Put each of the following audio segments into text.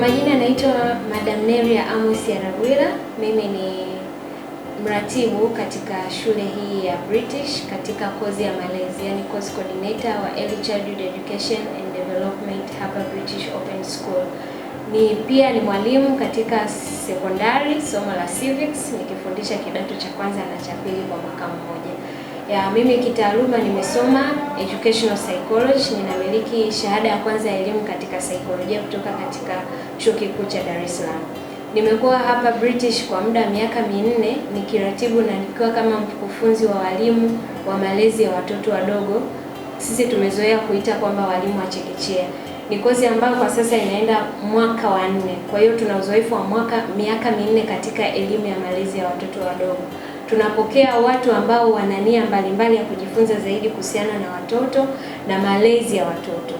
Majina yanaitwa Madam Neria Amos Yarawira. Mimi ni mratibu katika shule hii ya British katika kozi ya malezi, yani course coordinator wa Early Childhood Education and Development hapa British Open School. Ni pia ni mwalimu katika sekondari somo la civics nikifundisha kidato cha kwanza na cha pili kwa mwaka mmoja. Ya, mimi kitaaluma nimesoma educational psychology, ninamiliki shahada ya kwanza ya elimu katika saikolojia kutoka katika Chuo Kikuu cha Dar es Salaam. Nimekuwa hapa British kwa muda wa miaka minne nikiratibu na nikiwa kama mkufunzi wa walimu wa malezi ya watoto wadogo. Sisi tumezoea kuita kwamba walimu wa chekechea. Ni kozi ambayo kwa sasa inaenda mwaka wa nne, kwa hiyo tuna uzoefu wa mwaka miaka minne katika elimu ya malezi ya watoto wadogo tunapokea watu ambao wana nia mbalimbali ya kujifunza zaidi kuhusiana na watoto na malezi ya watoto.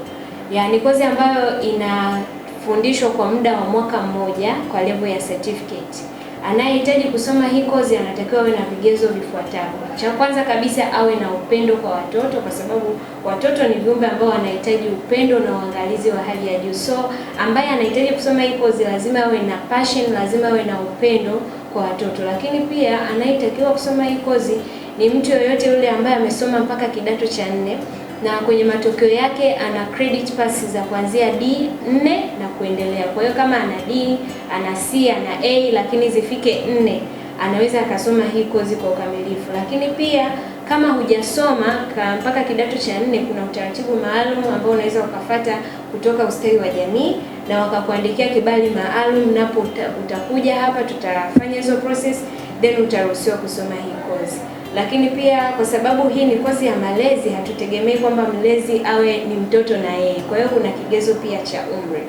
Yaani kozi ambayo inafundishwa kwa muda wa mwaka mmoja kwa level ya certificate. Anayehitaji kusoma hii kozi anatakiwa awe na vigezo vifuatavyo. Cha kwanza kabisa, awe na upendo kwa watoto, kwa sababu watoto ni viumbe ambao wanahitaji upendo na uangalizi wa hali ya juu. So ambaye anahitaji kusoma hii kozi lazima awe na passion, lazima awe na upendo kwa watoto, lakini pia anayetakiwa kusoma hii kozi ni mtu yoyote yule ambaye amesoma mpaka kidato cha nne na kwenye matokeo yake ana credit pass za kuanzia D4 na kuendelea. Kwa hiyo kama ana D, ana C, ana A lakini zifike nne, anaweza akasoma hii kozi kwa ukamilifu. Lakini pia kama hujasoma mpaka kidato cha nne, kuna utaratibu maalum ambao unaweza ukafata kutoka ustawi wa jamii na wakakuandikia kibali maalum, napo utakuja hapa tutafanya hizo process then utaruhusiwa kusoma hii kozi. Lakini pia kwa sababu hii ni kozi ya malezi, hatutegemei kwamba mlezi awe ni mtoto na yeye. Kwa hiyo kuna kigezo pia cha umri,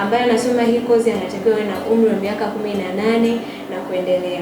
ambaye anasoma hii kozi anatakiwa awe na umri wa miaka kumi na nane na kuendelea.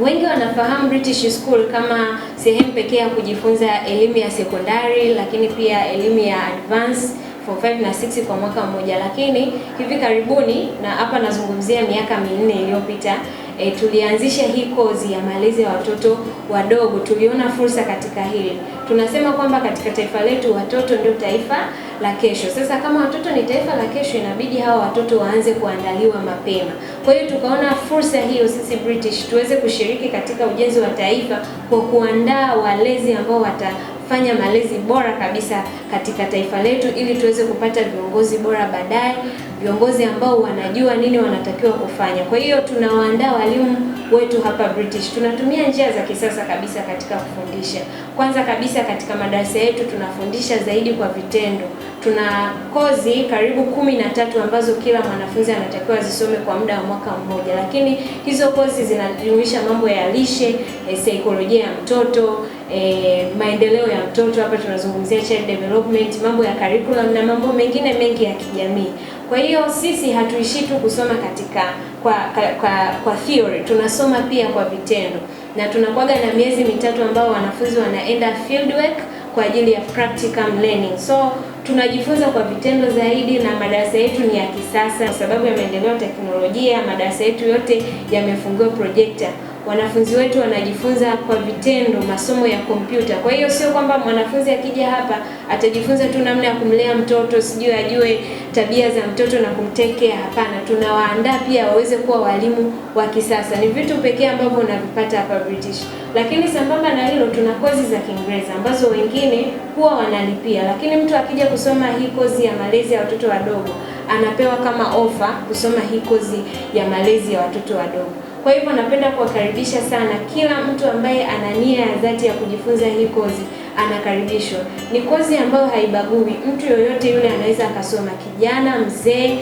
Wengi wanafahamu British School kama sehemu pekee ya kujifunza elimu ya sekondari, lakini pia elimu ya advanced for 5 na 6 kwa mwaka mmoja, lakini hivi karibuni, na hapa nazungumzia miaka minne iliyopita, e, tulianzisha hii kozi ya malezi ya watoto wadogo. Tuliona fursa katika hili. Tunasema kwamba katika taifa letu watoto ndio taifa la kesho. Sasa kama watoto ni taifa la kesho, inabidi hawa watoto waanze kuandaliwa mapema. Kwa hiyo tukaona fursa hiyo sisi British tuweze kushiriki katika ujenzi wa taifa kwa kuandaa walezi ambao wata kufanya malezi bora kabisa katika taifa letu, ili tuweze kupata viongozi bora baadaye, viongozi ambao wanajua nini wanatakiwa kufanya. Kwa hiyo tunawaandaa walimu wetu hapa British, tunatumia njia za kisasa kabisa katika kufundisha. Kwanza kabisa katika madarasa yetu tunafundisha zaidi kwa vitendo. Tuna kozi karibu kumi na tatu ambazo kila mwanafunzi anatakiwa azisome kwa muda wa mwaka mmoja, lakini hizo kozi zinajumuisha mambo ya lishe, eh, saikolojia ya mtoto e, maendeleo ya mtoto. Hapa tunazungumzia child development, mambo ya curriculum na mambo mengine mengi ya kijamii. Kwa hiyo sisi hatuishi tu kusoma katika kwa, kwa, kwa theory, tunasoma pia kwa vitendo, na tunakwaga na miezi mitatu ambao wanafunzi wanaenda field work kwa ajili ya practicum learning. So tunajifunza kwa vitendo zaidi, na madarasa yetu ni ya kisasa kwa sababu ya maendeleo ya teknolojia. Madarasa yetu yote yamefungiwa projector wanafunzi wetu wanajifunza kwa vitendo masomo ya kompyuta. Kwa hiyo sio kwamba mwanafunzi akija hapa atajifunza tu namna ya kumlea mtoto, sijui ajue tabia za mtoto na kumtekea. Hapana, tunawaandaa pia waweze kuwa walimu wa kisasa. Ni vitu pekee ambavyo unavipata hapa British, lakini sambamba na hilo, tuna kozi za Kiingereza ambazo wengine huwa wanalipia, lakini mtu akija kusoma hii kozi ya malezi ya watoto wadogo anapewa kama ofa kusoma hii kozi ya malezi ya watoto wadogo. Kwa hivyo napenda kuwakaribisha sana kila mtu ambaye ana nia ya dhati ya kujifunza hii kozi anakaribishwa. Ni kozi ambayo haibagui mtu yoyote yule, anaweza akasoma, kijana, mzee,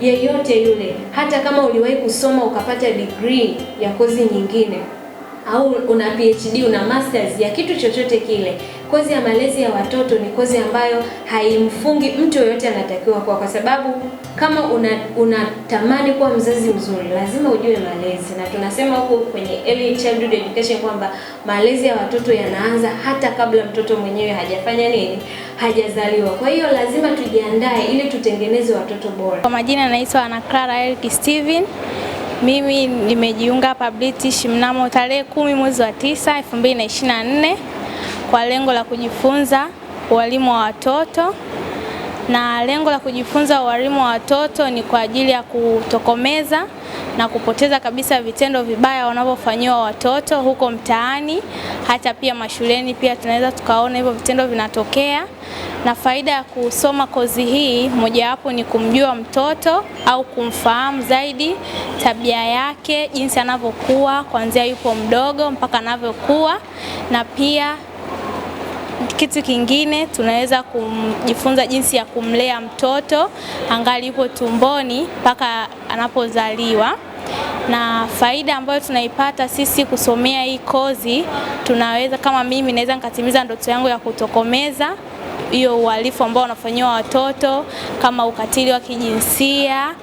yeyote yule. Hata kama uliwahi kusoma ukapata degree ya kozi nyingine au una PhD una masters ya kitu chochote kile, kozi ya malezi ya watoto ni kozi ambayo haimfungi mtu yoyote, anatakiwa kuwa, kwa sababu kama unatamani una kuwa mzazi mzuri, lazima ujue malezi, na tunasema huko kwenye early childhood education kwamba malezi ya watoto yanaanza hata kabla mtoto mwenyewe hajafanya nini, hajazaliwa. Kwa hiyo lazima tujiandae ili tutengeneze watoto bora. Kwa majina naitwa Ana Clara Eric Steven. Mimi nimejiunga hapa British mnamo tarehe kumi mwezi wa tisa elfu mbili na ishirini na nne kwa lengo la kujifunza ualimu wa watoto, na lengo la kujifunza ualimu wa watoto ni kwa ajili ya kutokomeza na kupoteza kabisa vitendo vibaya wanavyofanyiwa watoto huko mtaani, hata pia mashuleni pia tunaweza tukaona hivyo vitendo vinatokea. Na faida ya kusoma kozi hii, mojawapo ni kumjua mtoto au kumfahamu zaidi tabia yake, jinsi anavyokuwa kuanzia yupo mdogo mpaka anavyokuwa na pia kitu kingine tunaweza kujifunza jinsi ya kumlea mtoto angali yupo tumboni mpaka anapozaliwa na faida ambayo tunaipata sisi kusomea hii kozi, tunaweza kama mimi naweza nikatimiza ndoto yangu ya kutokomeza hiyo uhalifu ambao wanafanyiwa watoto kama ukatili wa kijinsia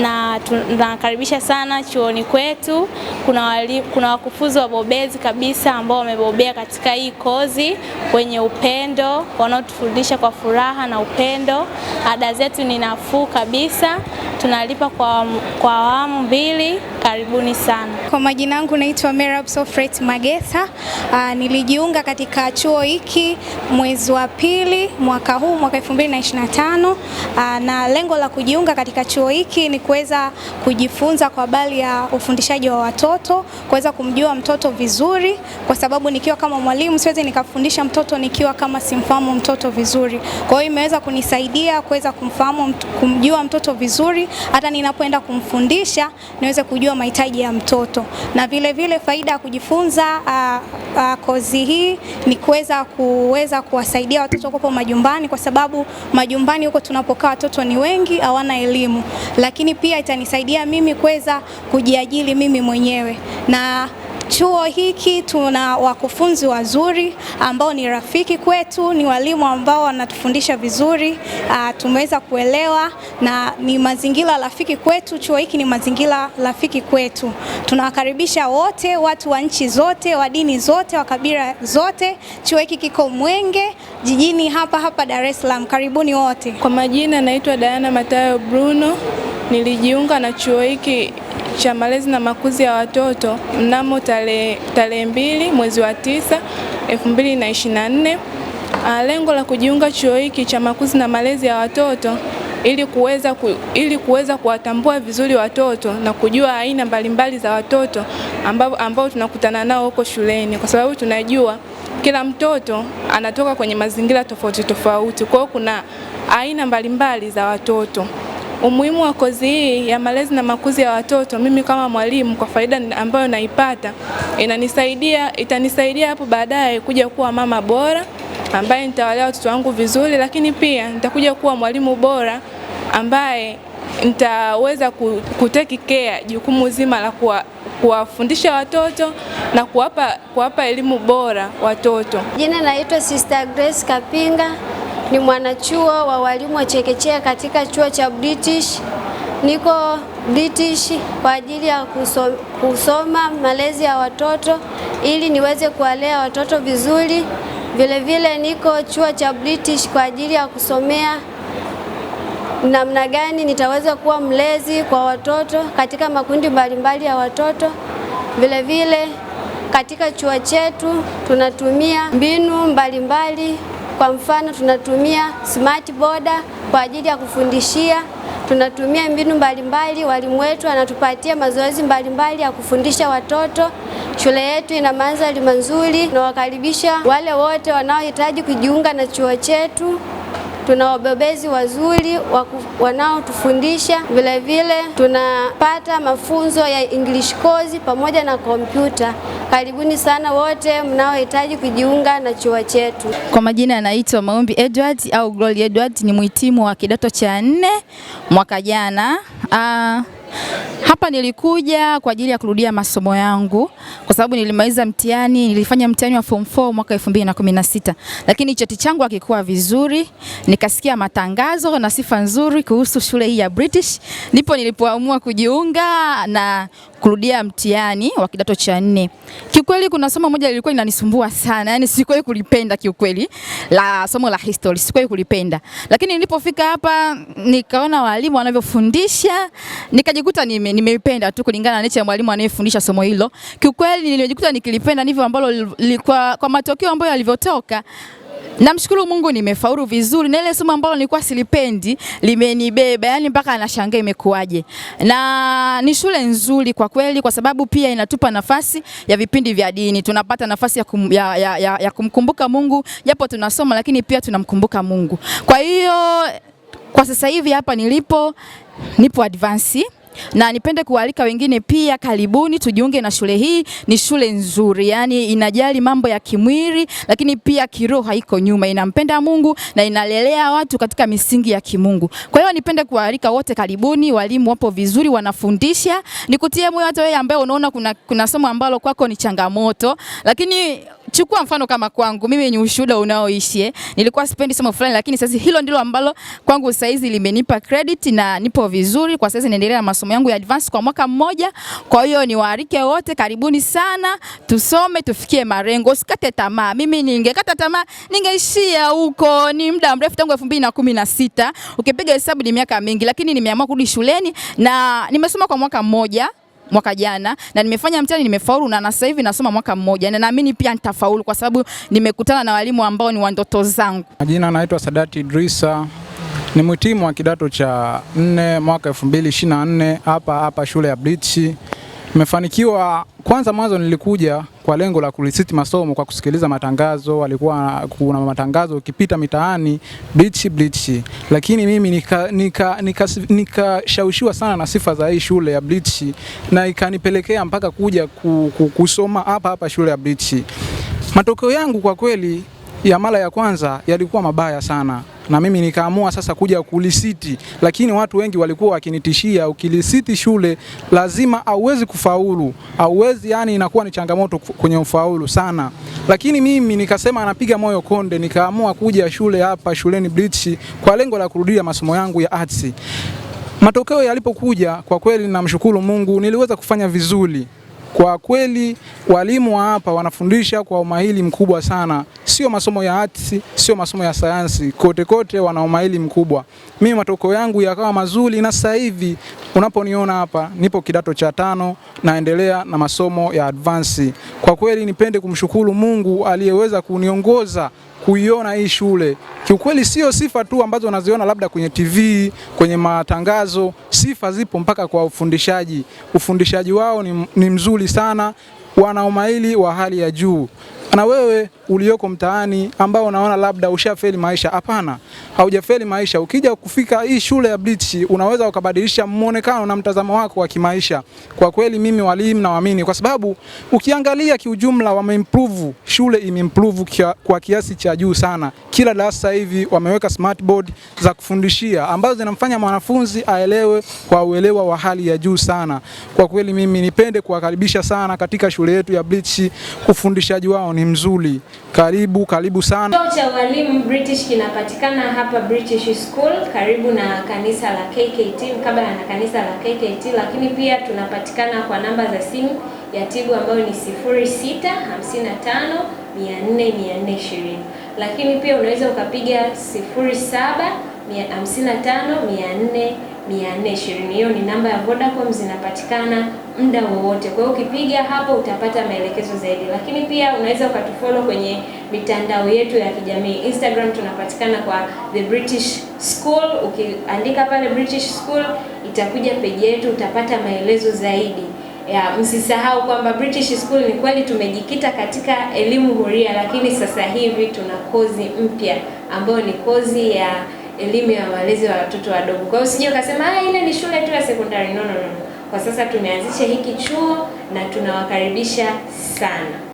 na tunakaribisha sana chuoni kwetu. Kuna wali, kuna wakufunzi wabobezi kabisa ambao wamebobea katika hii kozi, wenye upendo, wanaotufundisha kwa furaha na upendo. Ada zetu ni nafuu kabisa, tunalipa kwa awamu mbili. Karibuni sana. Kwa majina yangu naitwa Merab Sofret Magesa. Aa, ah, nilijiunga katika chuo hiki mwezi wa pili mwaka huu mwaka 2025. Aa, ah, na lengo la kujiunga katika chuo hiki ni kuweza kujifunza kwa bali ya ufundishaji wa watoto, kuweza kumjua mtoto vizuri, kwa sababu nikiwa kama mwalimu siwezi nikafundisha mtoto nikiwa kama simfahamu mtoto vizuri. Kwa hiyo imeweza kunisaidia kuweza kumfahamu kumjua mtoto vizuri, hata ninapoenda kumfundisha niweze kujua kujua mahitaji ya mtoto, na vile vile faida ya kujifunza a, a, kozi hii ni kuweza kuweza kuwasaidia watoto kupo majumbani, kwa sababu majumbani huko tunapokaa watoto ni wengi, hawana elimu, lakini pia itanisaidia mimi kuweza kujiajiri mimi mwenyewe na Chuo hiki tuna wakufunzi wazuri ambao ni rafiki kwetu, ni walimu ambao wanatufundisha vizuri, ah, tumeweza kuelewa na ni mazingira rafiki kwetu. Chuo hiki ni mazingira rafiki kwetu. Tunawakaribisha wote, watu wa nchi zote, wa dini zote, wa kabila zote. Chuo hiki kiko Mwenge jijini hapa hapa Dar es Salaam. Karibuni wote. Kwa majina naitwa Diana Matayo Bruno, nilijiunga na chuo hiki cha malezi na makuzi ya watoto mnamo tarehe tarehe mbili mwezi wa tisa 2024. Ah, lengo la kujiunga chuo hiki cha makuzi na malezi ya watoto ili kuweza ku, ili kuweza kuwatambua vizuri watoto na kujua aina mbalimbali za watoto ambao, ambao tunakutana nao huko shuleni, kwa sababu tunajua kila mtoto anatoka kwenye mazingira tofauti tofauti. Kwa hiyo kuna aina mbalimbali za watoto. Umuhimu wa kozi hii ya malezi na makuzi ya watoto, mimi kama mwalimu, kwa faida ambayo naipata, inanisaidia itanisaidia hapo baadaye kuja kuwa mama bora ambaye nitawalea watoto wangu vizuri, lakini pia nitakuja kuwa mwalimu bora ambaye nitaweza kuteki care jukumu zima la kuwa kuwafundisha watoto na kuwapa kuwapa elimu bora watoto. Jina naitwa Sister Grace Kapinga ni mwanachuo wa walimu wa chekechea katika chuo cha British. Niko British kwa ajili ya kusoma, malezi ya watoto ili niweze kuwalea watoto vizuri. Vilevile vile niko chuo cha British kwa ajili ya kusomea namna gani nitaweza kuwa mlezi kwa watoto katika makundi mbalimbali ya watoto. Vilevile vile, katika chuo chetu tunatumia mbinu mbalimbali mbali. Kwa mfano tunatumia smart boarder kwa ajili ya kufundishia, tunatumia mbinu mbalimbali. Walimu wetu wanatupatia mazoezi mbalimbali ya kufundisha watoto. Shule yetu ina mandhari mazuri, nawakaribisha wale wote wanaohitaji kujiunga na chuo chetu tuna wabobezi wazuri wanaotufundisha, vilevile tunapata mafunzo ya English course pamoja na kompyuta. Karibuni sana wote mnaohitaji kujiunga na chuo chetu. Kwa majina anaitwa Maombi Edward au Glory Edward, ni mhitimu wa kidato cha nne mwaka jana. Ah, hapa nilikuja kwa ajili ya kurudia masomo yangu kwa sababu nilimaliza mtihani, nilifanya mtihani wa form 4 mwaka 2016, lakini cheti changu hakikuwa vizuri. Nikasikia matangazo na sifa nzuri kuhusu shule hii ya British, ndipo nilipoamua kujiunga na kurudia mtihani wa kidato cha nne. Kiukweli kuna somo moja lilikuwa linanisumbua sana, yani sikuwahi kulipenda kiukweli, la somo la history sikuwahi kulipenda, lakini nilipofika hapa nikaona walimu wanavyofundisha nikajikuta nime, nimeipenda tu kulingana na nature ya mwalimu anayefundisha somo hilo. Kiukweli nilijikuta nikilipenda ndivyo ambalo lilikuwa kwa matokeo ambayo yalivyotoka Namshukuru Mungu nimefaulu vizuri na ile somo ambalo nilikuwa silipendi limenibeba, yani mpaka anashangaa imekuwaje. Na ni shule nzuri kwa kweli, kwa sababu pia inatupa nafasi ya vipindi vya dini, tunapata nafasi ya, kum, ya, ya, ya, ya kumkumbuka Mungu japo tunasoma, lakini pia tunamkumbuka Mungu. Kwa hiyo kwa sasa hivi hapa nilipo nipo advance na nipende kualika wengine pia, karibuni tujiunge na shule hii. Ni shule nzuri, yani inajali mambo ya kimwili, lakini pia kiroho haiko nyuma, inampenda Mungu na inalelea watu katika misingi ya kimungu. Kwa hiyo nipende kualika wote, karibuni. Walimu wapo vizuri, wanafundisha. Nikutie moyo hata wewe ambaye unaona kuna, kuna somo ambalo kwako ni changamoto, lakini chukua mfano kama kwangu mimi ni ushuhuda unaoishi eh. Nilikuwa sipendi somo fulani, lakini sasa hilo ndilo ambalo kwangu sasa hizi limenipa credit na nipo vizuri kwa sasa, naendelea na masomo yangu ya advance kwa mwaka mmoja. Kwa hiyo niwaalike wote, karibuni sana, tusome tufikie marengo, usikate tamaa. Mimi ningekata tamaa ningeishia huko, ni muda mrefu tangu 2016 ukipiga hesabu ni miaka mingi, lakini nimeamua kurudi shuleni na nimesoma kwa mwaka mmoja mwaka jana na nimefanya mtihani nimefaulu, na sasa hivi nasoma mwaka mmoja, na naamini pia nitafaulu kwa sababu nimekutana na walimu ambao ni wa ndoto zangu. Majina anaitwa Sadati Idrisa, ni mhitimu wa kidato cha nne mwaka 2024 hapa hapa shule ya Blitz. Nimefanikiwa kwanza, mwanzo nilikuja kwa lengo la kulisiti masomo kwa kusikiliza matangazo, walikuwa kuna matangazo ukipita mitaani blichi blichi, lakini mimi nikashawishiwa nika, nika, nika sana na sifa za hii shule ya blichi na ikanipelekea mpaka kuja ku, ku, kusoma hapa hapa shule ya blichi. Matokeo yangu kwa kweli ya mara ya kwanza yalikuwa mabaya sana na mimi nikaamua sasa kuja kulisiti, lakini watu wengi walikuwa wakinitishia, ukilisiti shule lazima auwezi kufaulu, auwezi yani, inakuwa ni changamoto kwenye ufaulu sana. Lakini mimi nikasema anapiga moyo konde, nikaamua kuja shule hapa shuleni Blichi kwa lengo la kurudia masomo yangu ya arts. Matokeo yalipokuja, kwa kweli namshukuru Mungu, niliweza kufanya vizuri. Kwa kweli walimu wa hapa wanafundisha kwa umahili mkubwa sana, sio masomo ya arts, sio masomo ya sayansi, kote kote wana umahili mkubwa. Mimi matokeo yangu yakawa mazuri, na sasa hivi unaponiona hapa nipo kidato cha tano, naendelea na masomo ya advance. Kwa kweli nipende kumshukuru Mungu aliyeweza kuniongoza kuiona hii shule. Kiukweli sio sifa tu ambazo unaziona labda kwenye TV, kwenye matangazo, sifa zipo mpaka kwa ufundishaji. Ufundishaji wao ni, ni mzuri sana wana umahili wa hali ya juu. Na wewe ulioko mtaani ambao unaona labda ushafeli maisha, hapana, haujafeli maisha. Ukija kufika hii shule ya Bleach, unaweza ukabadilisha mwonekano na mtazamo wako wa kimaisha. Kwa kweli mimi walimu na waamini, kwa sababu ukiangalia kiujumla, wameimprove shule, imeimprove kwa kiasi cha juu sana. Kila darasa hivi wameweka smart board za kufundishia ambazo zinamfanya mwanafunzi aelewe kwa uelewa wa hali ya juu sana. Kwa kweli mimi nipende kuwakaribisha sana katika shule shule yetu ya Blitch, ufundishaji wao ni mzuri. Karibu karibu sana. Chuo cha walimu British kinapatikana hapa British School karibu na kanisa la KKT, mkabala na kanisa la KKT, lakini pia tunapatikana kwa namba za simu ya Tigo ambayo ni 0655400420, lakini pia unaweza ukapiga 0755400420. 420. Hiyo ni namba ya Vodacom, zinapatikana muda wowote. Kwa hiyo ukipiga hapo utapata maelekezo zaidi, lakini pia unaweza ukatufollow kwenye mitandao yetu ya kijamii. Instagram tunapatikana kwa The British School, ukiandika pale British School itakuja peji yetu, utapata maelezo zaidi. Ya, msisahau kwamba British School ni kweli tumejikita katika elimu huria, lakini sasa hivi tuna kozi mpya ambayo ni kozi ya elimu ya walezi wa watoto wadogo. Kwa hiyo usije ukasema ah, ile ni shule tu ya sekondari. No, no, no. Kwa sasa tumeanzisha hiki chuo na tunawakaribisha sana.